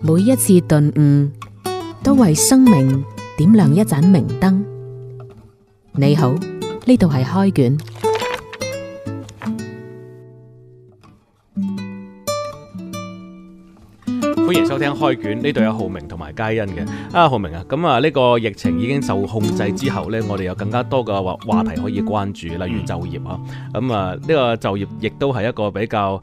每一次頓悟，都為生命點亮一盞明燈。你好，呢度係開卷，歡迎收聽開卷。呢度有浩明同埋佳欣嘅。啊，浩明啊，咁啊，呢個疫情已經受控制之後呢，我哋有更加多嘅話話題可以關注，例如就業啊。咁啊，呢個就業亦都係一個比較。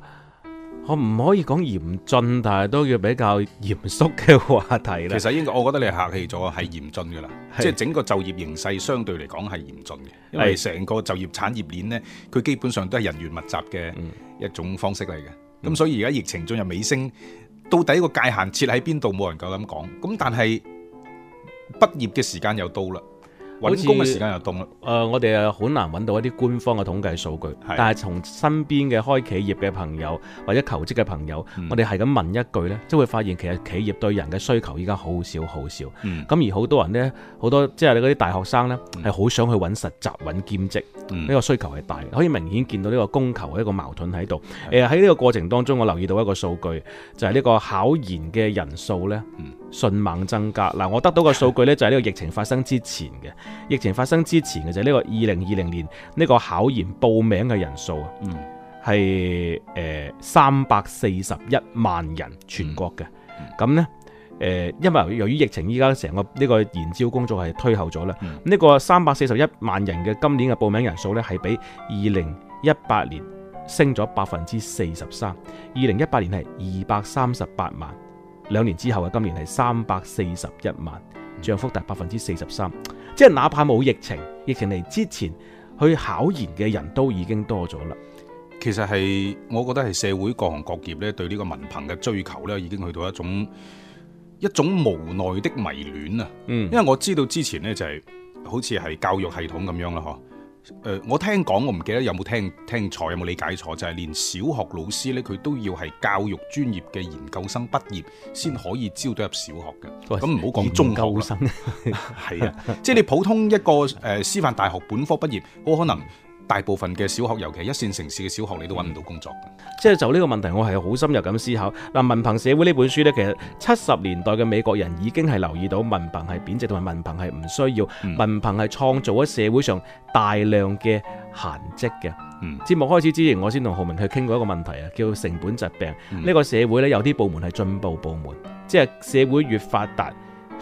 我唔可以講嚴峻，但係都要比較嚴肅嘅話題啦。其實應該，我覺得你客氣咗，係嚴峻噶啦，即係是整個就業形勢相對嚟講係嚴峻嘅，是因為成個就業產業鏈呢，佢基本上都係人員密集嘅一種方式嚟嘅。咁、嗯、所以而家疫情進入尾聲，到底個界限設喺邊度，冇人夠膽講。咁但係畢業嘅時間又到啦。搵工嘅時間又凍啦，呃。我哋誒好難揾到一啲官方嘅統計數據，的但係從身邊嘅開企業嘅朋友或者求職嘅朋友，嗯、我哋係咁問一句咧，即會會發現其實企業對人嘅需求依家好少好少。咁、嗯、而好多人咧，好多即係嗰啲大學生咧，係好、嗯、想去搵實習搵兼職，呢、嗯、個需求係大，可以明顯見到呢個供求一個矛盾喺度。喺呢的、呃、個過程當中，我留意到一個數據，就係、是、呢個考研嘅人數咧，迅猛增加。嗱、呃，我得到個數據咧，就係、是、呢個疫情發生之前嘅。疫情發生之前嘅就呢個二零二零年呢個考研報名嘅人數啊，嗯，係誒三百四十一萬人全國嘅，咁、嗯、呢，誒、呃，因為由於疫情依家成個呢個研招工作係推後咗啦，呢、嗯、個三百四十一萬人嘅今年嘅報名人數呢，係比二零一八年升咗百分之四十三，二零一八年係二百三十八萬，兩年之後嘅今年係三百四十一萬。漲幅達百分之四十三，即係哪怕冇疫情，疫情嚟之前去考研嘅人都已經多咗啦。其實係我覺得係社會各行各業咧對呢個文憑嘅追求咧已經去到一種一種無奈的迷戀啊。嗯，因為我知道之前呢，就係好似係教育系統咁樣啦，嗬。誒、呃，我聽講，我唔記得有冇聽聽錯，有冇理解錯，就係、是、連小學老師呢，佢都要係教育專業嘅研究生畢業先可以招到入小學嘅。咁唔好講中學，研究生，係 啊，即、就、係、是、你普通一個誒、呃，師範大學本科畢業，好可能。大部分嘅小學，尤其係一線城市嘅小學，你都揾唔到工作，嗯。即係就呢個問題，我係好深入咁思考。嗱，文憑社會呢本書呢，其實七十年代嘅美國人已經係留意到文憑係貶值，同埋文憑係唔需要，文、嗯、憑係創造咗社會上大量嘅閒職嘅。嗯，節目開始之前，我先同浩明去傾過一個問題啊，叫做成本疾病。呢、嗯、個社會呢，有啲部門係進步部門，即係社會越發達。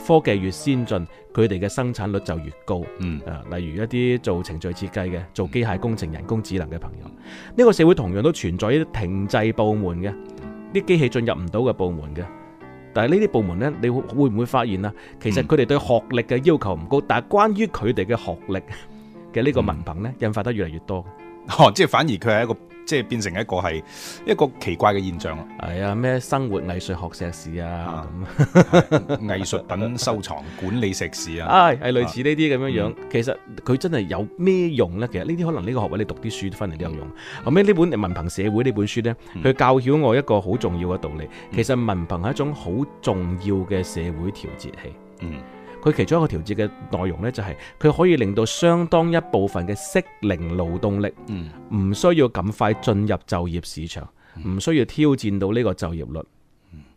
科技越先進，佢哋嘅生產率就越高。嗯啊，例如一啲做程序設計嘅、做機械工程、人工智能嘅朋友，呢個社會同樣都存在啲停滯部門嘅，啲機器進入唔到嘅部門嘅。但係呢啲部門呢，你會唔會發現啊？其實佢哋對學歷嘅要求唔高，但係關於佢哋嘅學歷嘅呢個文憑呢，印發得越嚟越多。哦，即係反而佢係一個。即係變成一個係一個奇怪嘅現象啦。啊、哎，咩生活藝術學碩士啊，啊樣啊藝術等收藏管理碩士啊，係係、 哎、類似這些、啊、呢啲咁樣樣。其實佢真係有咩用咧？其實呢啲可能呢個學位你讀啲書都返嚟都有用。後尾呢本《文憑社會》呢本書咧，佢教曉我一個好重要嘅道理。嗯、其實文憑係一種好重要嘅社會調節器。嗯。佢其中一個調節嘅內容呢，就係佢可以令到相當一部分嘅適齡勞動力，唔需要咁快進入就業市場，唔需要挑戰到呢個就業率，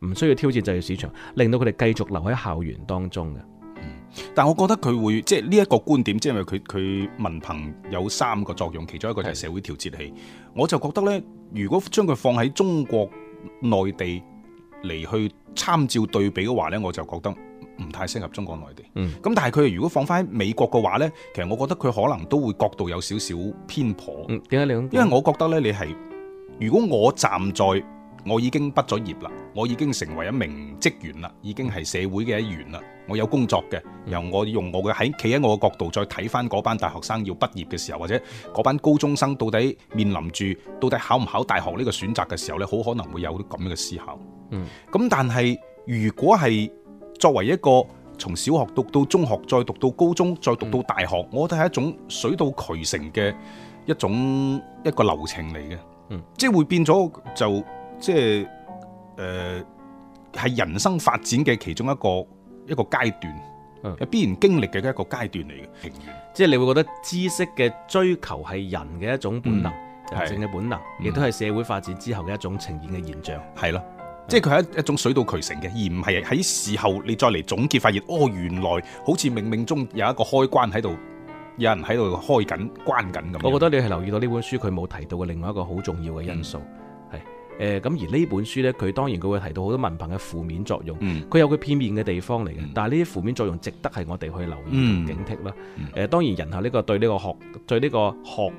唔需要挑戰就業市場，令到佢哋繼續留喺校園當中嘅、嗯。但我覺得佢會即係呢一個觀點，即係因為佢佢文憑有三個作用，其中一個就係社會調節器。是的 我就覺得呢，如果將佢放喺中國內地嚟去參照對比嘅話呢，我就覺得。唔太適合中國內地，嗯，咁但係佢如果放翻喺美國嘅話呢，其實我覺得佢可能都會角度有少少偏頗。點解咧？因為我覺得呢，你係如果我站在我已經畢咗業啦，我已經成為一名職員啦，已經係社會嘅一員啦，我有工作嘅，由我用我嘅喺企喺我嘅角度再睇翻嗰班大學生要畢業嘅時候，或者嗰班高中生到底面臨住到底考唔考大學呢個選擇嘅時候咧，好可能會有啲咁樣嘅思考。嗯，咁但係如果係，作為一個從小學讀到中學，再讀到高中，再讀到大學，嗯、我覺得係一種水到渠成嘅一種一個流程嚟嘅，嗯，即係會變咗就即係誒係人生發展嘅其中一個一個階段，嗯，必然經歷嘅一個階段嚟嘅，係嘅，即係你會覺得知識嘅追求係人嘅一種本能，嗯，人性嘅本能，係嘅，亦都係社會發展之後嘅一種呈現嘅現象，係咯，嗯。即係佢係一一種水到渠成嘅，而唔係喺事後你再嚟總結發現，哦，原來好似冥冥中有一個開關喺度，有人喺度開緊關緊咁。我覺得你係留意到呢本書佢冇提到嘅另外一個好重要嘅因素係誒咁，而呢本書呢，佢當然佢會提到好多文憑嘅負面作用，佢、嗯、有佢片面嘅地方嚟嘅。嗯、但係呢啲負面作用值得係我哋去留意的、嗯、警惕啦。誒、嗯呃、當然人係呢個對呢個學對呢個學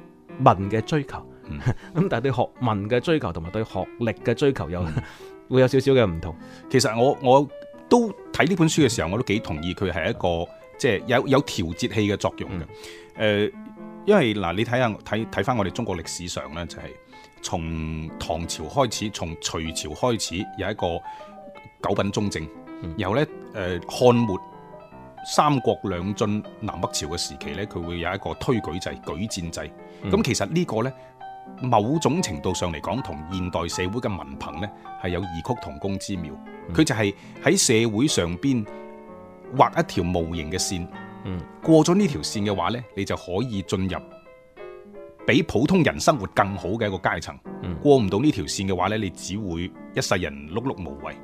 問嘅追求，咁、嗯、但係對學問嘅追求同埋對學歷嘅追求又。嗯會有少少嘅唔同。其實我我都睇呢本書嘅時候，我都幾同意佢係一個即係、就是、有有調節器嘅作用嘅。誒、嗯呃，因為嗱、呃，你睇下睇睇翻我哋中國歷史上咧，就係、是、從唐朝開始，從隋朝開始有一個九品中正，嗯、然後咧誒漢末、呃、三國兩晉、南北朝嘅時期咧，佢會有一個推舉制、舉薦制。咁、嗯、其實個呢個咧。某種程度上嚟講，同現代社會嘅文憑呢係有異曲同工之妙。佢就係喺社會上邊畫一條無形嘅線，過咗呢條線嘅話呢，你就可以進入比普通人生活更好嘅一個階層。過唔到呢條線嘅話呢，你只會一世人碌碌無為。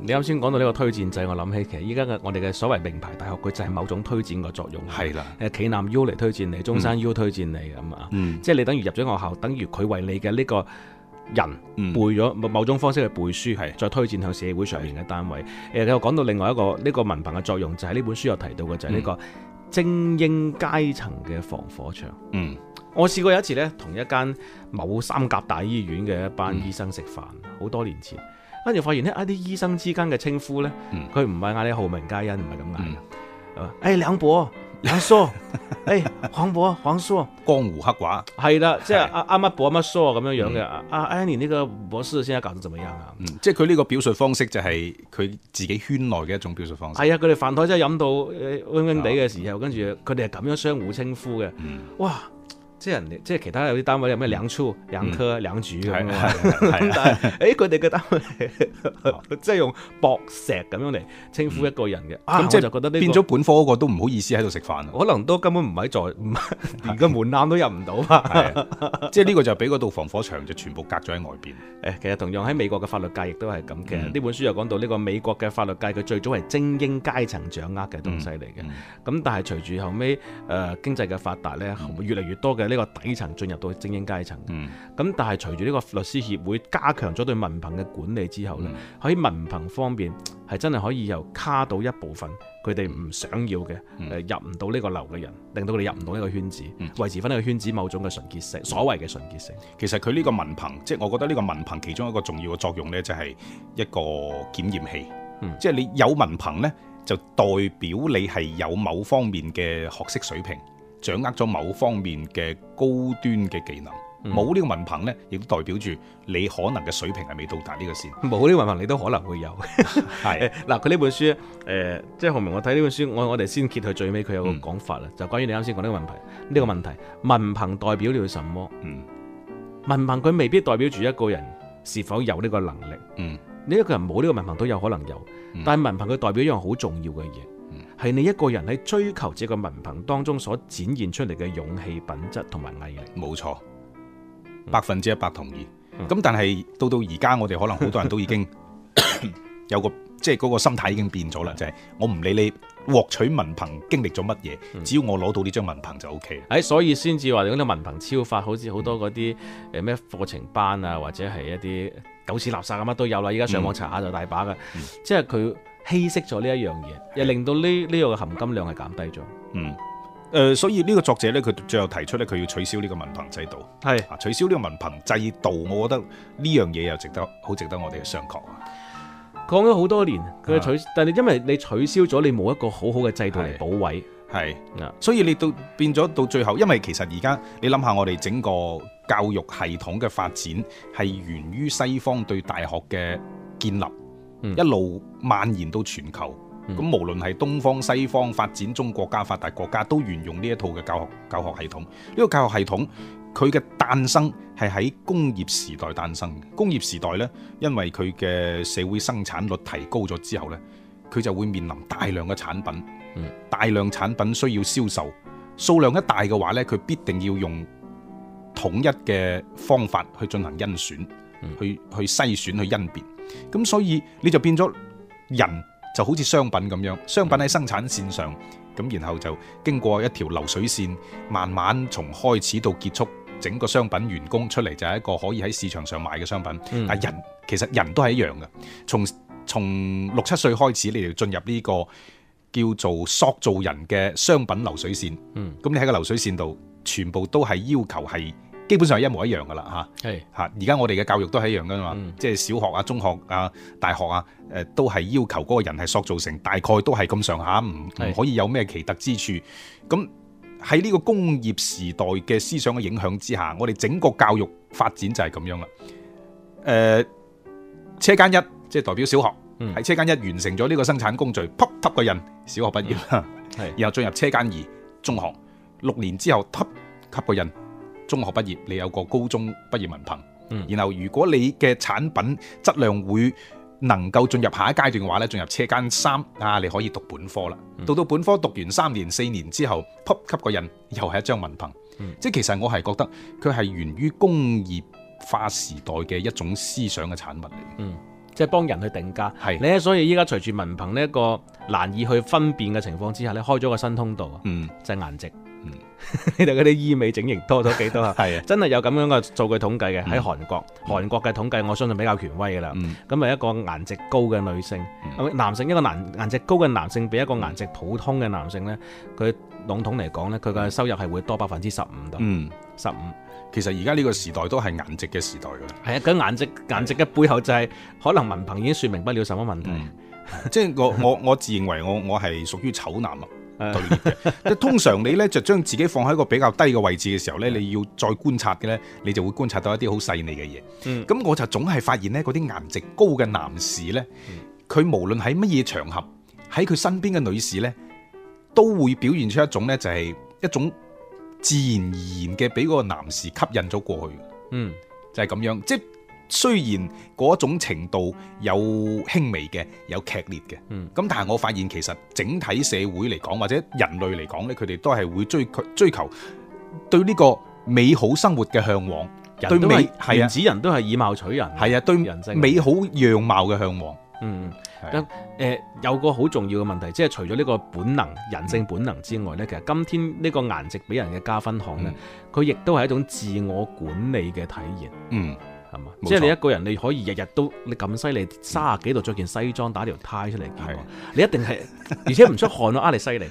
你啱先講到呢個推薦制，我諗起其實依家嘅我哋嘅所謂名牌大學，佢就係某種推薦嘅作用。係啦的，誒暨南 U 嚟推薦你，中山 U、o、推薦你咁啊，即係你等於入咗學校，等於佢為你嘅呢個人背咗某某種方式去背書，係、嗯、再推薦向社會上面嘅單位。誒的，你又講到另外一個呢、這個文憑嘅作用，就係、是、呢本書有提到嘅就係、是、呢個精英階層嘅防火牆。嗯，我試過有一次呢，同一間某三甲大醫院嘅一班醫生食飯，好、嗯、多年前。跟住發現咧，啲、啊、醫生之間嘅稱呼咧，佢唔係嗌你號名佳音，唔係咁嗌，係嘛、嗯？誒梁博、梁叔，誒黃博、黃叔，江湖黑話。係啦，即係阿阿乜博、乜叔咁樣樣嘅。阿阿 Annie 呢個博士，現在搞得點樣啊？嗯、即係佢呢個表述方式就係佢自己圈內嘅一種表述方式。係啊，佢哋飯台真係飲到暈暈地嘅時候，跟住佢哋係咁樣相互稱呼嘅。嗯、哇！即係其他有啲單位有咩梁柱、梁科、梁主咁啊，咁但係，佢哋嘅單位即係用博士咁樣嚟稱呼一個人嘅，咁我就覺得呢變咗本科嗰個都唔好意思喺度食飯，可能都根本唔喺在，連個門檻都入唔到嘛，即係呢個就係俾嗰道防火牆就全部隔咗喺外邊。誒，其實同樣喺美國嘅法律界亦都係咁嘅。呢本書又講到呢個美國嘅法律界，佢最早係精英階層掌握嘅東西嚟嘅。咁但係隨住後尾誒經濟嘅發達咧，越嚟越多嘅呢。個底層進入到精英階層，咁、嗯、但係隨住呢個律師協會加強咗對文憑嘅管理之後咧，喺文憑方面係真係可以又卡到一部分佢哋唔想要嘅，誒、嗯、入唔到呢個樓嘅人，令到佢哋入唔到呢個圈子，維、嗯、持翻呢個圈子某種嘅純潔性，所謂嘅純潔性。其實佢呢個文憑，即、就、係、是、我覺得呢個文憑其中一個重要嘅作用呢，就係一個檢驗器，即係、嗯、你有文憑呢，就代表你係有某方面嘅學識水平。掌握咗某方面嘅高端嘅技能，冇呢、嗯、個文憑呢，亦都代表住你可能嘅水平係未到達呢個線。冇呢個文憑，你都可能會有。係 嗱是的，佢呢本書，誒、呃，即係後面我睇呢本書，我我哋先揭去最尾，佢有個講法啦，嗯、就關於你啱先講呢個問題。呢、這個問題，文憑代表了什麼？嗯，文憑佢未必代表住一個人是否有呢個能力。嗯，呢一個人冇呢個文憑都有可能有，但係文憑佢代表一樣好重要嘅嘢。係你一個人喺追求自己文憑當中所展現出嚟嘅勇氣品質同埋毅力，冇錯，百分之一百同意。咁、嗯、但係到到而家，我哋可能好多人都已經 有個即係嗰個心態已經變咗啦，嗯、就係、是、我唔理你獲取文憑經歷咗乜嘢，只要我攞到呢張文憑就 O K。誒、嗯，所以先至話嗰啲文憑超發，好似好多嗰啲誒咩課程班啊，或者係一啲狗屎垃圾咁啊都有啦。而家上網查下就大把噶，即係佢。嗯稀釋咗呢一樣嘢，又令到呢呢個嘅含金量係減低咗。嗯，誒、呃，所以呢個作者呢，佢最後提出呢，佢要取消呢個文憑制度。係啊是，取消呢個文憑制度，我覺得呢樣嘢又值得，好值得我哋去商榷啊。講咗好多年，佢取，啊、但係因為你取消咗，你冇一個好好嘅制度嚟保位。係，所以你到變咗到最後，因為其實而家你諗下，我哋整個教育系統嘅發展係源於西方對大學嘅建立。一路蔓延到全球，咁、嗯、無論係東方、西方、發展中國家、發達國家，都沿用呢一套嘅教學教學系統。呢個教學系統佢嘅誕生係喺工業時代誕生。工業時代呢，因為佢嘅社會生產率提高咗之後呢，佢就會面臨大量嘅產品，大量產品需要銷售，數量一大嘅話呢，佢必定要用統一嘅方法去進行甄選，嗯、去去篩選去甄別。咁所以你就變咗人就好似商品咁樣，商品喺生產線上，咁、嗯、然後就經過一條流水線，慢慢從開始到結束，整個商品完工出嚟就係一個可以喺市場上買嘅商品。嗯、但人其實人都係一樣嘅，從從六七歲開始，你就進入呢個叫做塑造人嘅商品流水線。嗯，咁你喺個流水線度，全部都係要求係。基本上一模一樣㗎喇吓，吓而家我哋嘅教育都係一樣㗎嘛，即係是小學啊、中學啊、大學啊，誒、呃、都係要求嗰個人係塑造成大概都係咁上下，唔唔可以有咩奇特之處。咁喺呢個工業時代嘅思想嘅影響之下，我哋整個教育發展就係咁樣啦。誒、呃，車間一即係、就是、代表小學，喺是車間一完成咗呢個生產工序，pop 㗎，小學畢業是然後進入車間二中學，六年之後㗎人。中學畢業，你有個高中畢業文憑。嗯，然後如果你嘅產品質量會能夠進入下一階段嘅話呢，進入車間三啊，你可以讀本科啦。到、嗯、到本科讀完三年四年之後 p 吸 p 個人又係一張文憑。嗯，即其實我係覺得佢係源於工業化時代嘅一種思想嘅產物嚟。嗯，即係幫人去定價係。咧是，在所以依家隨住文憑呢一個難以去分辨嘅情況之下咧，你開咗個新通道啊。嗯，就係顏值。嗯、 你哋嗰啲醫美整形多咗幾多啊？係啊的，真係有咁樣嘅數據統計嘅。喺韓、嗯、國，韓國嘅統計我相信比較權威噶啦。咁啊、嗯嗯，一個顏值高嘅女性，男性一個男顏值高嘅男性，比一個顏值普通嘅男性呢，佢籠統嚟講呢，佢嘅收入係會多百分之十五度。嗯、十五。其實而家呢個時代都係顏值嘅時代噶啦。係啊，佢顏值顏值嘅背後就係、是、的可能文憑已經說明不了什麼問題。嗯、 即係我我我自認為我我係屬於醜男啊。 對，通常你咧就將自己放喺個比較低嘅位置嘅時候咧，你要再觀察嘅咧，你就會觀察到一啲好細膩嘅嘢。咁、嗯、我就總係發現咧，嗰啲顏值高嘅男士咧，佢、嗯、無論喺乜嘢場合，喺佢身邊嘅女士咧，都會表現出一種咧就係、是、一種自然而然嘅，俾嗰個男士吸引咗過去。嗯，就係咁樣，即、就係雖然嗰種程度有輕微嘅，有劇烈嘅，嗯，咁但係我發現其實整體社會嚟講，或者人類嚟講呢，佢哋都係會追追求對呢個美好生活嘅向往。人都係，美啊、原始人都係以貌取人，係啊，對人性美好樣貌嘅向往。嗯，誒、啊呃，有個好重要嘅問題，即係除咗呢個本能、人性本能之外呢、嗯、其實今天呢個顏值俾人嘅加分項呢，佢亦都係一種自我管理嘅體現。嗯。係嘛？冇錯、即係你一個人，你可以日日都你咁犀利，卅幾度着件西裝打條呔出嚟，嗯、你一定係，而且唔出汗咯，啊 你犀利，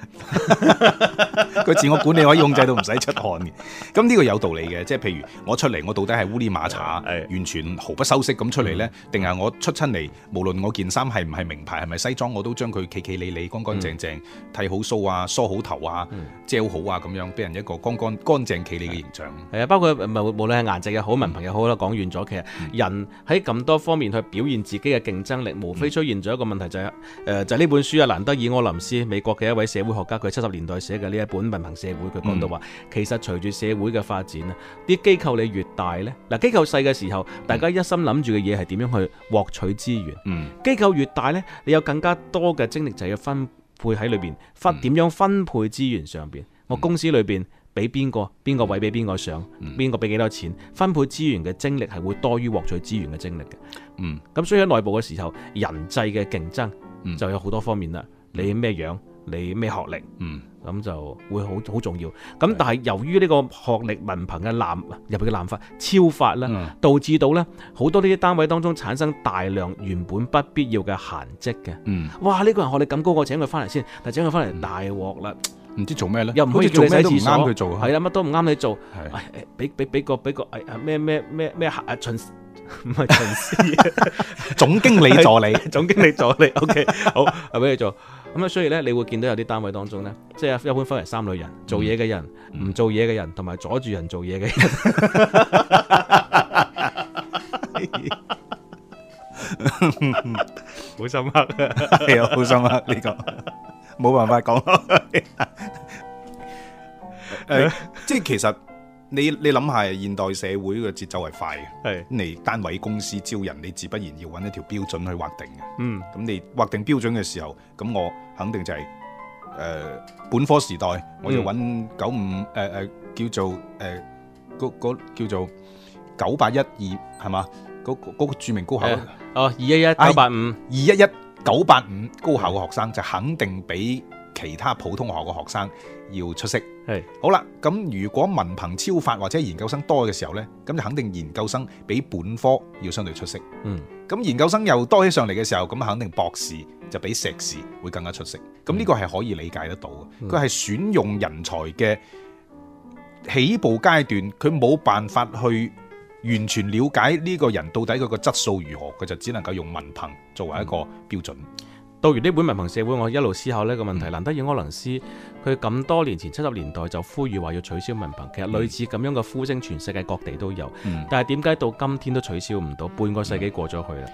佢 自我管理我可以控制到唔使出汗嘅。咁 呢個有道理嘅，即係譬如我出嚟，我到底係烏哩馬茶，嗯、完全毫不修飾咁出嚟咧，定係、嗯、我出親嚟，無論我件衫係唔係名牌，係咪西裝，我都將佢企企理理，乾乾淨淨，嗯、剃好須啊，梳好頭啊，即係、嗯、好啊，咁樣俾人一個乾乾乾淨企理嘅形象。係啊、嗯，包括唔係無論係顏值又好，文憑又好啦，講遠咗。人喺咁多方面去表現自己嘅競爭力，無非出現咗一個問題就係、是，誒、嗯呃，就呢、是、本書啊，蘭德爾柯林斯，美國嘅一位社會學家，佢七十年代寫嘅呢一本《文憑社會》，佢講到話，嗯、其實隨住社會嘅發展啊，啲機構你越大呢，嗱機構細嘅時候，大家一心諗住嘅嘢係點樣去獲取資源，機、嗯、構越大呢，你有更加多嘅精力就要分配喺裏邊分點樣分配資源上邊，我公司裏邊。嗯嗯俾邊個邊個位俾邊個上，邊個俾幾多錢？分配資源嘅精力係會多於獲取資源嘅精力嘅。嗯，咁所以喺內部嘅時候，人際嘅競爭就有好多方面啦，嗯。你咩樣，你咩學歷，咁就會好好重要。咁但係由於呢個學歷文憑嘅濫入去嘅濫發超發啦，嗯、導致到呢好多呢啲單位當中產生大量原本不必要嘅閒職嘅。嗯，哇呢、這個人學歷咁高，我請佢翻嚟先，但係請佢翻嚟大鑊啦。嗯唔知做咩咧，又唔可以做咩都唔啱佢做，係啦，乜都唔啱你做。係的，俾俾俾個俾個誒咩咩咩咩客啊巡，唔係巡，一 Lud wig 總經理助理，一 Lud wig 總經理助理，OK，好，俾你做。咁啊，所以咧，你會見到有啲單位當中咧，即係一般分為三類人：嗯、做嘢嘅人、唔做嘢嘅人，同埋阻住人做嘢嘅人。一 Lud wig 好深刻啊！係啊 一 Lud wig，好深刻呢個。冇辦法講咯，誒，即係其實你你諗下，現代社會嘅節奏係快嘅，係，你單位公司招人，你自不然要揾一條標準去劃定嘅，嗯，咁你劃定標準嘅時候，咁我肯定就係，誒，本科時代我就揾九五，誒誒，叫做誒，嗰嗰叫做九八一二，係嘛，嗰嗰個著名高校，哦，二一一九八五，二一一。九八五高校嘅學生就肯定比其他普通學校嘅學生要出色。係好啦，咁如果文憑超發或者研究生多嘅時候呢，咁就肯定研究生比本科要相對出色。嗯，咁研究生又多起上嚟嘅時候，咁肯定博士就比碩士會更加出色。咁呢個係可以理解得到嘅，佢係選用人才嘅起步階段，佢冇辦法去。完全了解呢個人到底佢個質素如何，佢就只能夠用文憑作為一個標準。到完呢本《文憑社會》，我一路思考呢個問題，林、嗯、得爾柯能斯佢咁多年前七十年代就呼籲話要取消文憑，其實類似咁樣嘅呼聲，全世界各地都有。嗯、但係點解到今天都取消唔到？半個世紀過咗去啦。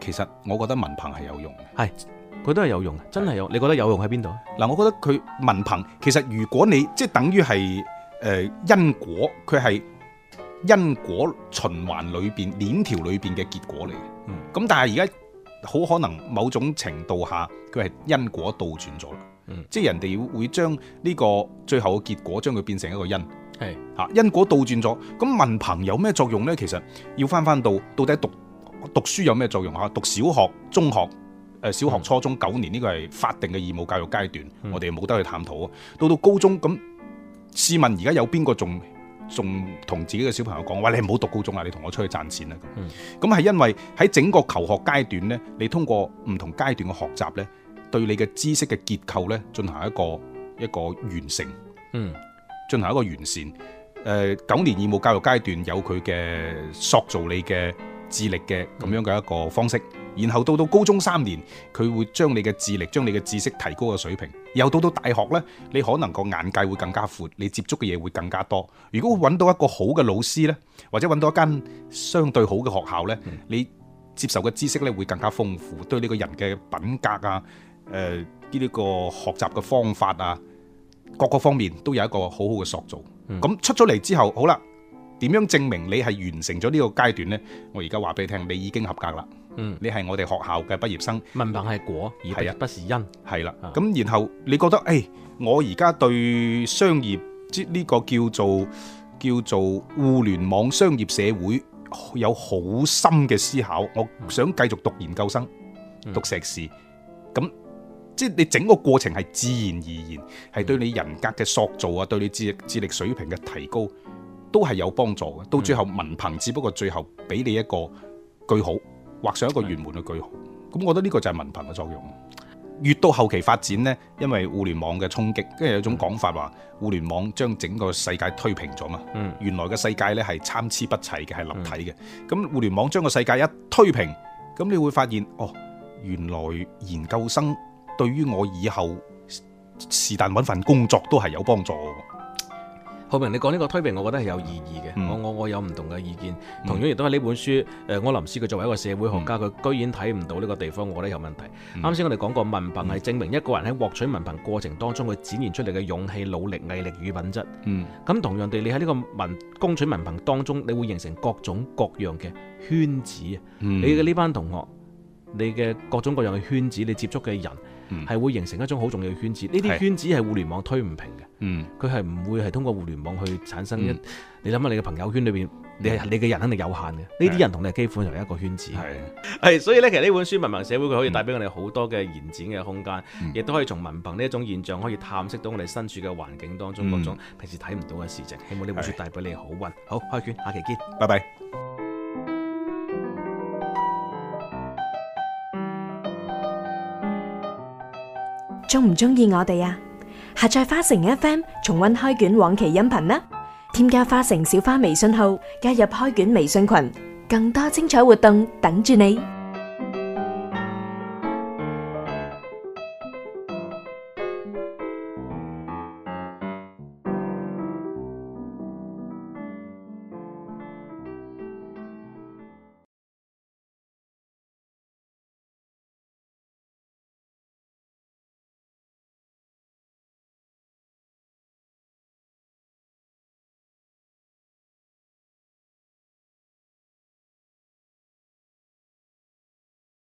其實我覺得文憑係有用，係佢都係有用，真係有。的你覺得有用喺邊度？嗱，我覺得佢文憑其實如果你即係等於係、呃、因果，佢係。因果循環裏邊鏈條裏邊嘅結果嚟，嘅、嗯。咁但係而家好可能某種程度下佢係因果倒轉咗、嗯、即係人哋會將呢個最後嘅結果將佢變成一個因係吓是因果倒轉咗，咁文憑有咩作用呢？其實要翻翻，到到底讀讀書有咩作用啊？讀小學、中學、誒小學、初中九、嗯、年呢個係法定嘅義務教育階段，嗯、我哋冇得去探討啊。到到高中咁，試問而家有邊個仲？仲同自己嘅小朋友講話：哇，你唔好讀高中啦，你同我出去賺錢啦。咁，咁係因為喺整個求學階段呢，你通過唔同階段嘅學習呢，對你嘅知識嘅結構呢，進行一個一個完成，嗯，進行一個完善。誒、呃，九年義務教育階段有佢嘅塑造你嘅智力嘅咁樣嘅一個方式。然後到到高中三年，佢會將你嘅智力，將你嘅知識提高個水平。又到到大學呢，你可能個眼界會更加闊，你接觸嘅嘢會更加多。如果搵到一個好嘅老師呢，或者搵到一間相對好嘅學校呢，你接受嘅知識呢會更加豐富，嗯、對你個人嘅品格啊，誒、呃、呢、這個學習嘅方法啊，各個方面都有一個好好嘅塑造。咁、嗯、出咗嚟之後，好啦，點樣證明你係完成咗呢個階段呢？我而家話俾你聽，你已經合格啦。嗯，你係我哋學校嘅畢業生，文憑係果，而係啊，不是因係啦。咁、啊、然後你覺得，誒、哎，我而家對商業即呢、這個叫做叫做互聯網商業社會有好深嘅思考，我想繼續讀研究生，嗯、讀碩士，咁即係你整個過程係自然而然，係、嗯、對你人格嘅塑造啊，對你智智力水平嘅提高都係有幫助嘅。到最後文憑、嗯、只不過最後俾你一個句號。畫上一個圓滿嘅句號，咁我覺得呢個就係文憑嘅作用。越到後期發展呢，因為互聯網嘅衝擊，跟住有種講法話，互聯網將整個世界推平咗嘛。嗯，原來嘅世界呢係參差不齊嘅，係立體嘅。咁互聯網將個世界一推平，咁你會發現，哦，原來研究生對於我以後是但揾份工作都係有幫助。明，你講呢個推論，我覺得係有意義嘅、嗯。我我我有唔同嘅意見，嗯、同樣亦都係呢本書。誒，我林斯佢作為一個社會學家，佢、嗯、居然睇唔到呢個地方，我覺得有問題。啱先、嗯、我哋講過文憑係證明一個人喺獲取文憑過程當中，佢展現出嚟嘅勇氣、努力、毅力與品質。嗯，咁同樣地，你喺呢個文、攻取文憑當中，你會形成各種各樣嘅圈子。嗯，你嘅呢班同學。你嘅各種各樣嘅圈子，你接觸嘅人係會形成一種好重要嘅圈子。呢啲、嗯、圈子係互聯網推唔平嘅，佢係唔會係通過互聯網去產生嘅。嗯、你諗下，你嘅朋友圈裏邊，嗯、你你嘅人肯定有限嘅。呢啲、嗯、人同你係基本上係一個圈子。係、嗯是，所以呢，其實呢本書《文憑社會》佢可以帶俾我哋好多嘅延展嘅空間，亦都、嗯、可以從文憑呢一種現象，可以探悉到我哋身處嘅環境當中各種平時睇唔到嘅事情。希望呢本書帶俾你好運。是好，開卷，下期見，拜拜。鍾唔鍾意我哋呀？下載花城 FM，重溫開卷往期音頻啦！添加花城小花微信號，加入開卷微信群，更多精彩活動等住你。